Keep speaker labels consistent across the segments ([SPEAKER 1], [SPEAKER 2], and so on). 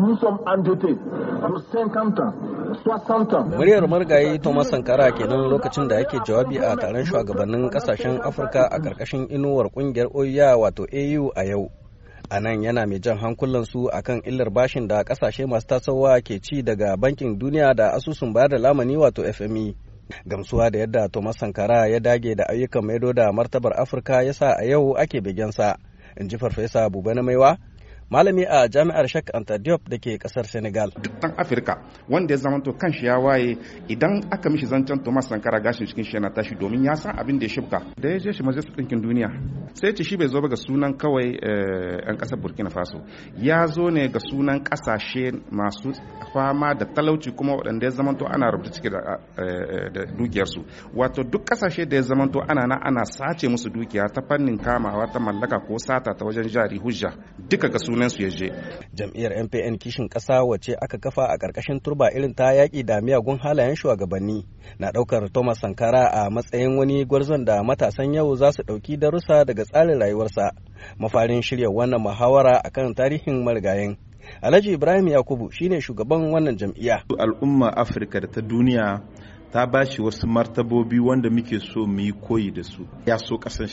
[SPEAKER 1] nous sommes endettés pour 50 ans.
[SPEAKER 2] Muryar marigayi Thomas Sankara kenan lokacin da yake jawabi a taron shugabannin kasashen Afirka a ƙarƙashin inuwar ƙungiyar OIA e wato AU a yau. A nan yana mai jan hankulansu a kan illar bashin da ƙasashe masu tasowa ke ci daga bankin duniya da asusun bayar da lamani wato FME. Gamsuwa da yadda Thomas Sankara ya dage da ayyukan maido da martabar Afirka ya sa a yau ake bigensa. In ji Farfesa Buba na Maiwa, malami a jami'ar Shak Anta Diop da ke kasar Senegal. Duk dan Afirka wanda ya zamanto kan shi ya waye idan aka mishi
[SPEAKER 3] zancen Thomas Sankara gashin cikin shi yana tashi domin ya san abin da ya shibka. Da ya je shi majalisar ɗinkin duniya sai ce shi bai zo ba ga sunan kawai eh, yan ƙasar Burkina Faso. Ya zo ne ga sunan ƙasashe masu fama da talauci kuma waɗanda ya zamanto ana rubuta ciki da eh, dukiyarsu. Wato duk ƙasashe da ya zamanto ana na ana sace musu dukiya ta fannin kamawa ta mallaka ko sata ta wajen jari hujja duka ga sunan su je.
[SPEAKER 2] Jam'iyyar MPN kishin ƙasa wacce aka kafa a ƙarƙashin turba irin ta yaƙi da miyagun halayen shugabanni na ɗaukar Thomas Sankara a matsayin wani gwarzon da matasan yau za su ɗauki darussa daga tsarin rayuwarsa. Mafarin shirya wannan muhawara akan tarihin marigayen. Alhaji Ibrahim Yakubu shine shugaban wannan jam'iyya. Al'umma Afirka da ta duniya ta
[SPEAKER 1] bashi wasu martabobi wanda muke so mu yi koyi da su. Ya so ƙasar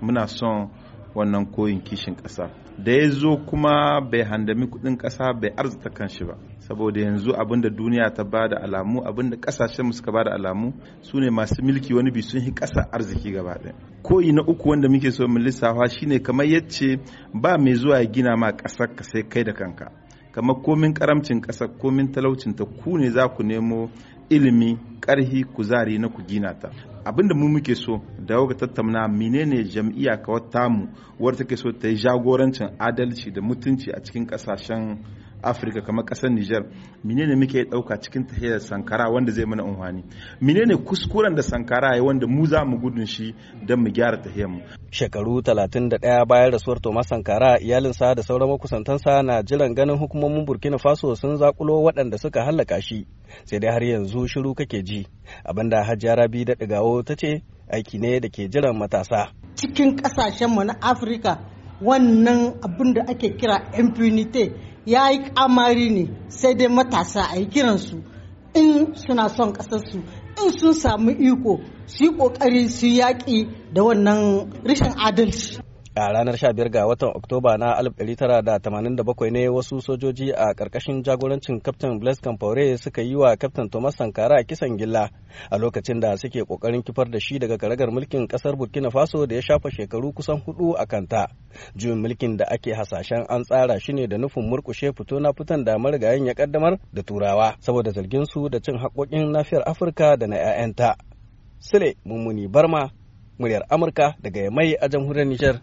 [SPEAKER 1] Muna son wannan koyin kishin ƙasa da ya zo kuma bai handami kuɗin ƙasa bai kan kanshi ba saboda yanzu abinda duniya ta ba da alamu abinda ƙasashen mu suka ba da alamu su ne masu milki wani bi sun yi ƙasa arziki gaba ɗaya koyi na uku wanda muke so mu lissafa shine kamar yacce ba mai zuwa ya gina ma ƙasar ka sai kai da kanka kamar komin karamcin ƙasar komin talaucin ta ku ne za ku nemo ilimi ƙarhi kuzari na ku gina ta abinda mu muke so da yau ga tattauna menene jam'iyya kawar tamu wadda take so ta yi jagorancin adalci da mutunci a cikin ƙasashen afirka kamar kasar niger menene muke dauka cikin tahiyar sankara wanda zai mana unhani
[SPEAKER 2] menene kuskuren da sankara ya wanda mu za mu gudun shi don mu gyara tahiyar mu shekaru 31 bayan rasuwar thomas sankara iyalinsa da sauran makusantansa na jiran ganin hukumomin burkina faso sun zakulo waɗanda suka hallaka shi sai dai har yanzu shiru kake ji abinda hajjia rabi da ɗigawo ta ce aiki ne da ke jiran matasa
[SPEAKER 4] cikin kasashen mu na afirka wannan abin da ake kira impunity ya yi kamari ne sai dai matasa a yi kiransu in suna son ƙasarsu in sun samu iko su yi ƙoƙari su yaƙi da wannan rashin adalci
[SPEAKER 2] a ranar 15 ga watan oktoba na 1987 ne wasu sojoji a ƙarƙashin jagorancin kaftin blaise campore suka yi wa Captain thomas sankara kisan gilla a lokacin da suke ƙoƙarin kifar da shi daga karagar mulkin ƙasar burkina faso da ya shafa shekaru kusan hudu a kanta juyin mulkin da ake hasashen an tsara shi ne da nufin murkushe fito na fitan da marigayin ya kaddamar da turawa saboda zargin su da cin haƙoƙin nafiyar afirka da na 'ya'yanta sule mummuni barma muryar amurka daga yamai a jamhuriyar nijar